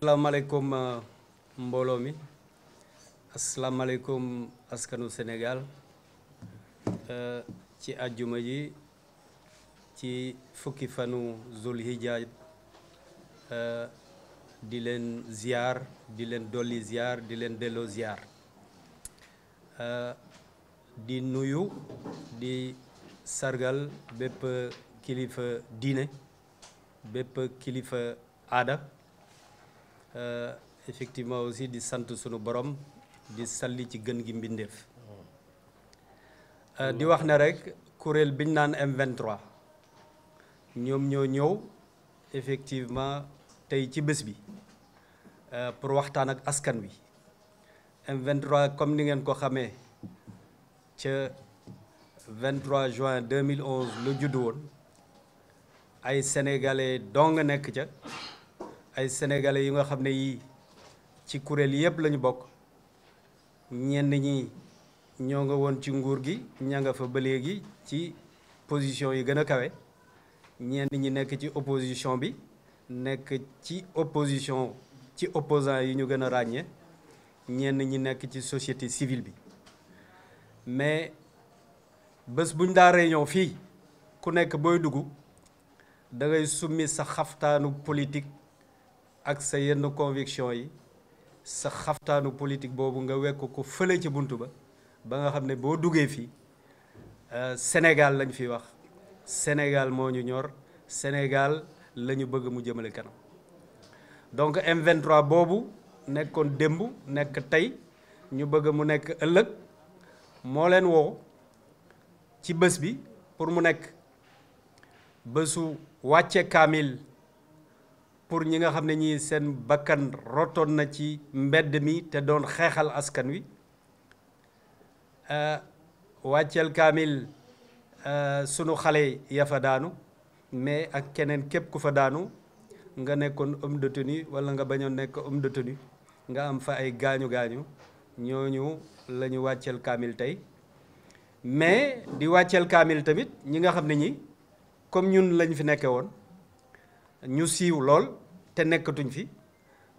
asalaamaaleykum euh, mbooloo mi asalaamaaleykum askanu Sénégal euh, ci àjjuma ji ci fukki fanu zulhijja euh, di leen ziar di leen dolli ziar di leen delloo ziar di nuyu di sargal bépp kilifa diine bépp kilifa aada euh, effectivement aussi di sant sunu borom di salli ci gën gi mbindeef euh, di wax na rek kuréel biñ naan m ñoom ñoo ñëw effectivement tey ci bés bi euh, pour waxtaan ak askan wi m comme ni ngeen ko xamee ca 23 juin 2011 la judd woon ay sénégalais nga nekk ca ay sénégalais yu nga xam ne yii ci kuréel yëpp lañu bokk ñenn ñi ñoo nga woon ci nguur gi ña nga fa ba léegi ci position yi gën a kawe ñenn ñi nekk ci opposition bi nekk ci opposition ci opposant yi ñu gën a ràññee ñenn ñi nekk ci société civile bi mais bés buñ daa réunion fii ku nekk booy dugg dangay ngay summi sa xaftaanu politique ak sa yenn conviction yi sa xaftaanu politique boobu nga wekk ko fële ci bunt ba ba nga xam ne boo duggee fii euh, Sénégal lañu fi wax Sénégal moo ñu ñor Sénégal la ñu bëgg mu jëmale kanam donc m boobu nekkoon démb nekk tey ñu bëgg mu nekk ëllëg moo leen woo ci bés bi pour mu nekk bésu wàcce kaamil pour ñi nga xam ne ñi seen bakkan rotoon na ci mbedd mi te doon xeexal askan wi euh, wàcceel kaamil euh, sunu xale ya fa daanu mais ak keneen képp ku fa daanu nga nekkoon homme de tenue wala nga bañoon nekk homme de nga am fa ay gaañu gaañu ñooñu la ñu wàcceel kaamil tey mais di wàcceel kaamil tamit ñi nga xam ne ñi comme ñun lañ fi nekkee woon ñu siiw lool te nekkatuñ fi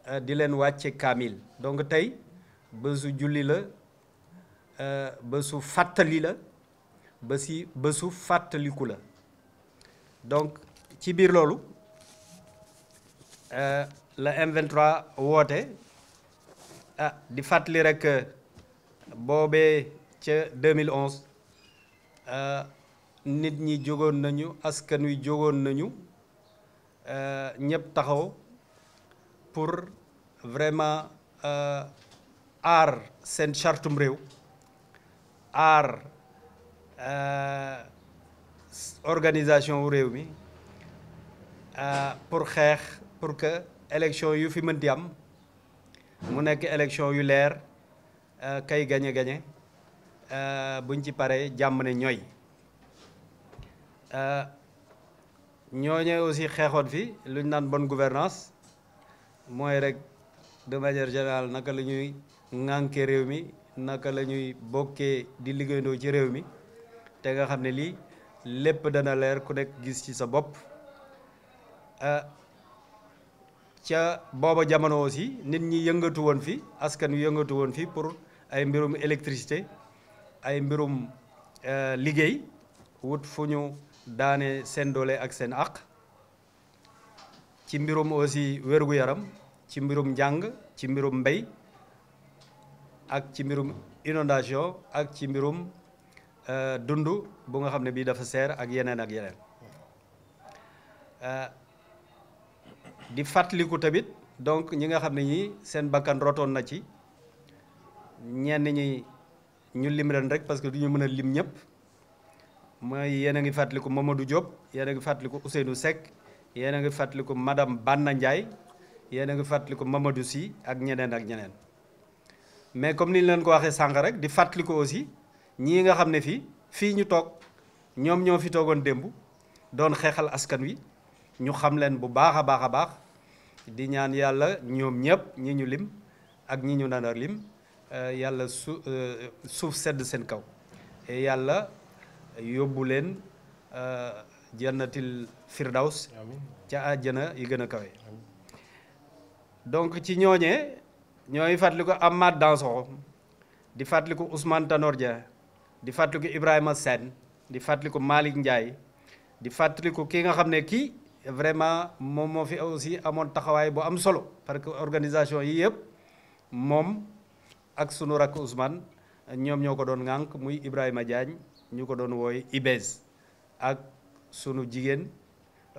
euh, di leen wàcce kaamil donc tey bésu julli la euh, bésu fàttali la bési bésu fàttaliku la donc ci biir loolu euh, la m woote ah di fàttali rek boobee ca 2011 Euh, nit ñi jógoon nañu askan wi jógoon nañu euh, ñëpp taxaw pour vraiment euh, aar seen chartum réew aar organisation wu réew mi pour xeex pour que élection yu fi mën di am mu nekk élection yu leer kay gañe gañe Euh, buñ ci paree jàmm ne ñooy euh, ñooñu aussi xeexoon fi lu ñu naan bon gouvernance mooy rek de manière générale naka la ñuy réew mi naka la ñuy bokkee di liggéeyandoo ci réew mi te nga xam ne lii lépp dana leer ku nekk gis ci sa bopp euh, ca booba jamono aussi nit ñi yëngatu woon fi askan wi yëngatu woon fi pour ay mbirum électricité ay mbirum euh, liggéey wut fu ñu daane seen doole ak seen àq ci mbirum aussi wér yaram ci mbirum njàng ci mbirum mbay ak ci mbirum inondation ak ci mbirum euh, dund bu nga xam ne bii dafa seer ak yeneen ak yeneen euh, di fàttaliku tamit donc ñi nga xam ne ñi seen bakkan rotoon na ci ñenn ñi ñu lim ren rek parce que du ñu mën a lim ñëpp mooy yéen a ngi fàttaliku Mamadou Diop yéen a ngi fàttaliku Ousseynou Seck yéen a ngi fàttaliku madame Banna Ndiaye yéen a ngi fàttaliku Mamadou sii ak ñeneen ak ñeneen mais comme ni leen ko waxee sànq rek di fàttaliku aussi ñii nga xam ne fii fii ñu toog ñoom ñoo fi toogoon démb doon xeexal askan wi ñu xam leen bu baax a baax a baax di ñaan yàlla ñoom ñëpp ñi ñu lim ak ñi ñu nanar lim. Euh, yàlla su euh, suuf sedd seen kaw et yàlla yóbbu leen euh, jannatil firdaws ca àjjana yi gën a kawe donc ci ñooñee ñooy fàttaliku Amath Dansokho di fàttaliku Ousmane Tanor di fàttaliku Ibrahima Sène di fàttaliku Malick Ndiaye di fàttaliku ki nga xam ne kii vraiment moom moo fi aussi amoon taxawaay bu am solo parce que organisation yi yëpp moom ak sunu rakk Ousmane ñoom ñoo ko doon ŋànk muy Ibrahima jaañ ñu ko doon wooy IBES ak sunu jigéen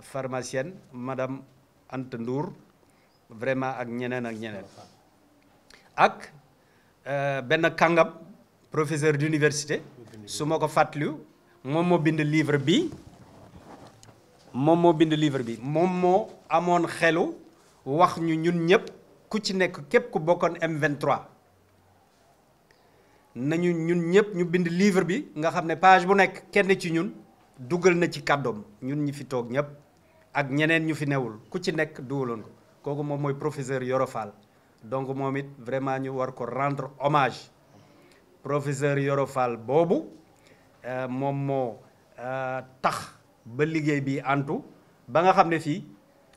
pharmacienne madame Anta Ndour vraiment ak ñeneen ak ñeneen ak euh, benn kàngam professeur d'université su ma ko fàttaliw moom moo bind livre bi moom moo bind livre bi moom moo amoon xelu wax ñu ñun ñëpp ku ci nekk képp ku bokkoon m nañu ñun ñëpp ñu bind livre bi nga xam ne page bu nekk kenn ci ñun dugal na ci kàddoom ñun ñi fi toog ñëpp ak ñeneen ñu fi newul ku ci nekk duwaloon ko kooku moom mooy professeur Yoro donc moom it vraiment ñu war ko rendre hommage professeur Yoro Fall boobu euh, moom moo euh, tax ba liggéey bi àntu ba nga xam ne fii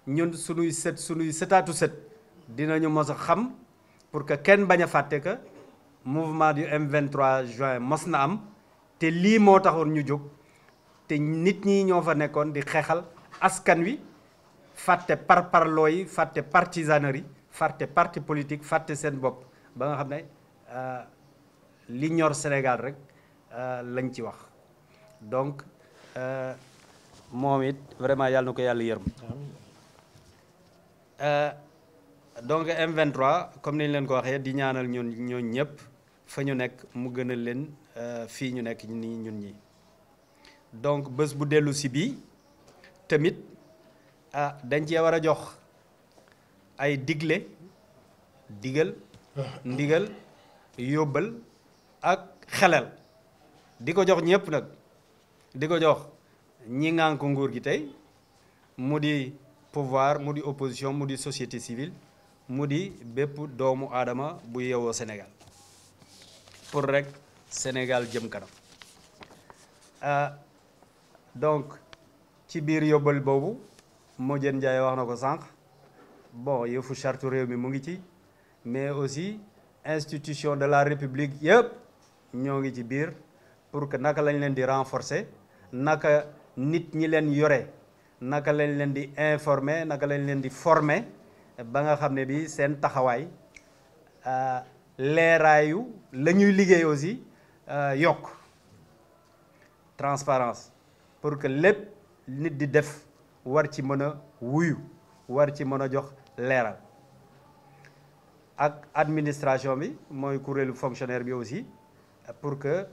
ñun sunuy sët sunuy sëtaatu sët dinañu mos a xam pour que kenn bañ a fàtte ko mouvement du m juin mos na am te lii moo taxoon ñu jóg te nit ñi ñoo fa nekkoon di xeexal askan wi fàtte par parloo yi fàtte partisanerie fàtte parti politique fàtte seen bopp ba nga xam ne euh, li ñor Sénégal rek euh, lañ ci wax donc euh, moom it vraiment yàlla na ko yàlla yërëm donc M23 comme ni ñu leen ko waxee di ñaanal ñun ñooñu ñëpp fa ñu nekk mu gën a leen euh, fii ñu nekk nii ñun ñi donc bés bu dellusi bii tamit a ah, dañ cee war a jox ay digle digal ndigal yóbbal ak xelal di ko jox ñëpp nag di ko jox ñi ngànk nguur gi tey mu di pouvoir mu di opposition mu di société civile mu di bépp doomu aadama bu yeewoo Sénégal pour rek Sénégal jëm kanam euh, donc ci biir yóbbal boobu Modiane Ndiaye wax na ko sànq bon yëfu charte réew mi mu ngi ci mais aussi institution de la république yëpp ñoo ngi ci biir pour que naka lañ leen di renforcer naka nit ñi leen yore naka lañ leen di informer naka lañ leen di former ba nga xam ne bi seen taxawaay euh, leeraayu la ñuy liggéey aussi euh, yokk transparence pour que lépp nit di def war ci mën a wuyu war ci mën a jox leeral ak administration bi mooy kuréelu fonctionnaire bi aussi pour que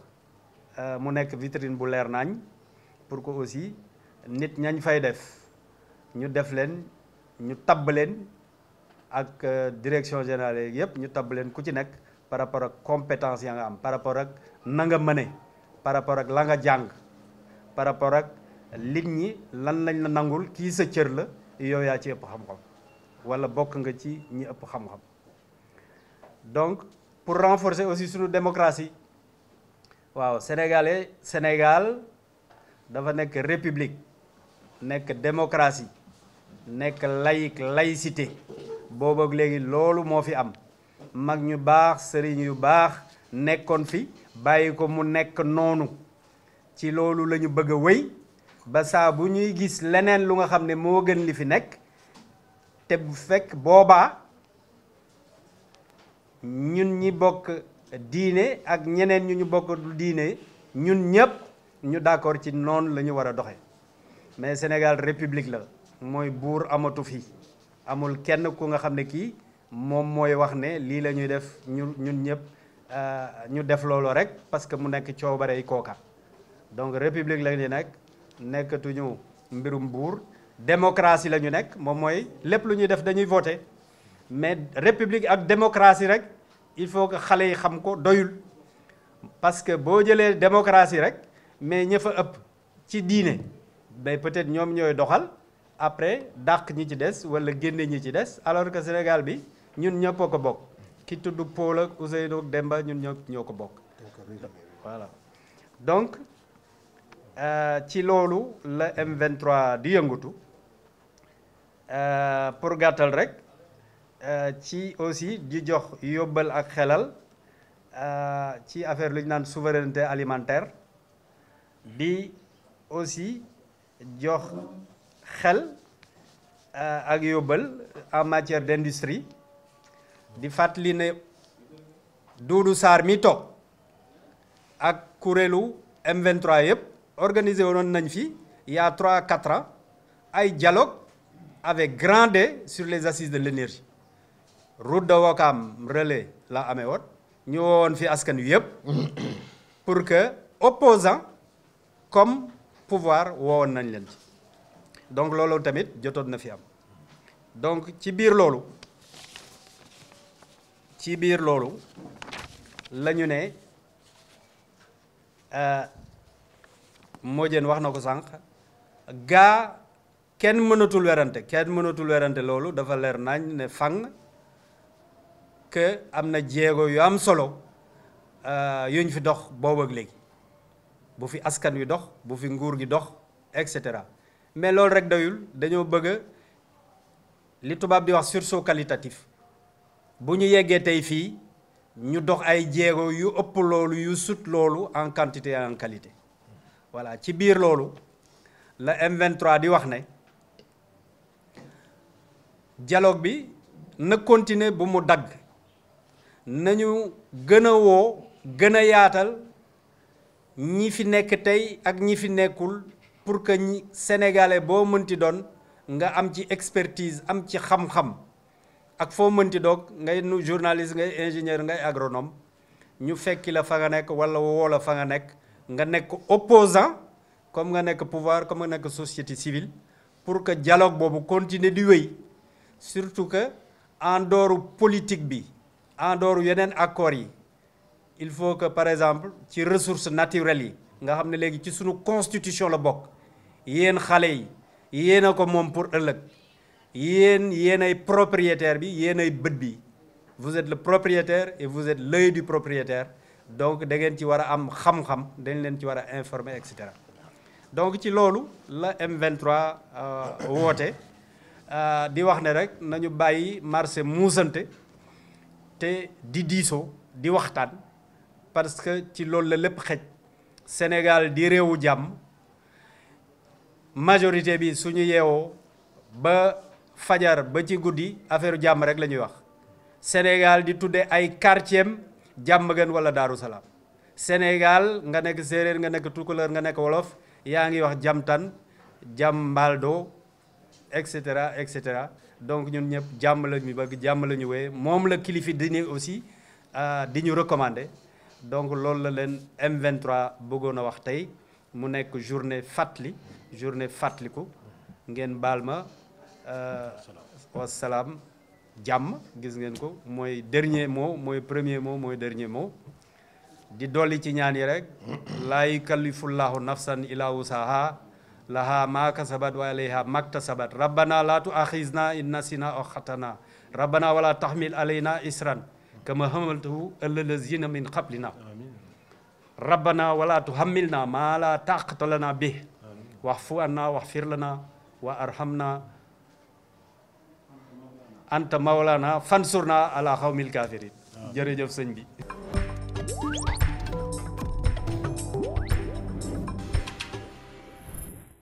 euh, mu nekk vitrine bu leer nañ pour que aussi nit ñañ fay def ñu def leen ñu tabb leen ak euh, direction générale yépp ñu tabb leen ku ci nekk par rapport ak compétence yaa nga am par rapport ak nanga nga mëne par rapport ak la nga jàng par rapport ak nit ñi lan lañ la nangul kii sa cër la yow yaa ci ëpp xam-xam wala bokk nga ci ñi ëpp xam-xam donc pour renforcer aussi suñu démocratie waaw sénégalais Sénégal dafa nekk république nekk démocratie nekk laïque laïcité boobu ak léegi loolu moo fi am mag ñu baax sëriñ yu baax nekkoon fi bàyyi ko mu nekk noonu ci loolu lañu bëgg a wéy ba saa bu ñuy gis leneen lu nga xam ne moo gën li fi nekk te bu fekk boobaa ñun ñi bokk diine ak ñeneen ñu ñu bokk diine ñun ñëpp ñu d'accord ci noonu lañu ñu war a doxe mais Sénégal république la mooy buur amatu fi amul kenn ku nga xam ne kii moom mooy wax ne lii la ñuy def ñun ñun ñëpp euh, ñu def looloo rek parce que mu nekk coobare yi kooka donc république la ñu nekk nekkatuñu mbirum buur démocratie la ñu nekk moom mooy lépp lu ñuy def dañuy voté mais république ak démocratie rek il faut que xale yi xam ko doyul parce que boo jëlee démocratie rek mais ña fa ëpp ci diine mais peut-être ñoom ñooy doxal après dàq ñi ci des wala génne ñi ci des alors que Sénégal bi ñun ñëpp ko bokk ki tudd Paul ak Ousseynou ak Demba ñun ñëpp ñoo ko bokk voilà donc euh, ci loolu la M23 di yëngatu euh, pour gàttal rek euh, ci aussi di jox yóbbal ak xelal ci affaire lu ñu naan souveraineté alimentaire di aussi jox xel ak yóbbal en matière d'industrie di fàttali na Doudou Sarr mi toog ak kuréelu M23 yëpp organisé woon nañ fi il y a 3 ans ay dialogue avec grand D sur les assises de l'énergie route de Ouakam relais la amee woon ñu woon fi askan wi yëpp pour que opposant comme pouvoir woowoon nañ leen ci donc loolu tamit jotoon na fi am donc ci biir loolu ci biir loolu lañu ñu ne euh, moo jën wax na ko sànq gaa kenn mënatul werante kenn mënatul werante loolu dafa leer nañ ne fang que am na jéego yu am solo euh, yuñ fi dox boobu ak léegi bu fi askan wi dox bu fi nguur gi dox et cetera mais loolu rek dayul dañoo bëgg li tubaab di wax sursaut qualitatif bu ñu yeggee tey fii ñu dox ay jéego yu ëpp loolu yu sut loolu en quantité en qualité voilà ci biir loolu la m di wax ne dialogue bi na continuer bu mu dagg nañu gën a woo gën a yaatal ñi fi nekk tey ak ñi fi nekkul pour que ñi sénégalais boo mënti doon nga am ci expertise am ci xam-xam ak foo mënti doog ngay nu journaliste ngay ingénieur ngay agronome ñu fekki la fa nga nekk wala woo la fa nga nekk nga nekk opposant comme nga nekk pouvoir comme nga nekk société civile pour que dialogue boobu continuer di wéy surtout que en dooru politique bi en dehors yeneen accords yi il faut que par exemple ci ressource naturelles yi nga xam ne léegi ci suñu constitution la bokk yéen xale yi yéen a ko moom pour ëllëg yéen yéenay propriétaire bi yéenay bët bi vous êtes le propriétaire et vous êtes l'œil du propriétaire donc da ngeen ci war a am xam-xam dañ leen ci war a informer et cetera donc ci loolu la M23 euh, woote euh, di wax ne rek nañu bàyyi marché muusante te di diisoo di waxtaan parce que ci loolu la lépp xej Sénégal di réewu jàmm majorité bi suñu yeewoo ba fajar ba ci guddi affaire jàmm rek la ñuy wax Sénégal di tudde ay quartier jàmm gën wala Daaru Salaam Sénégal nga nekk séeréer nga nekk tukulóor nga nekk wolof yaa ngi wax jamtan jàmm mbaldo et cetera et cetera donc ñun ñëpp jàmm ñu bëgg jàmm la ñu wooye moom la kilifi dini aussi euh, di ñu recommander donc loolu la leen M23 bëggoon a wax tey mu nekk journée fàttali journée fàttaliku ngeen baal ma Euh, wasalaam jàmm gis ngeen ko mooy dernier mot mooy premier mot mooy dernier mot di dolli ci ñaan rek laa yukallifullaahu nafsan illa wusaha laha ma kasabat wa alayha maktasabat rabbana la tuaxizna in nasina aw xatana rabbana wala tahmil alayna isran kama hamaltahu ala lazina min qablina rabbana wala tuhammilna ma la taqata lana bih waxfu anna waxfir lana wa arhamna anta mawlana fansurna ala xawmil kafirin jërëjëf sëñ bi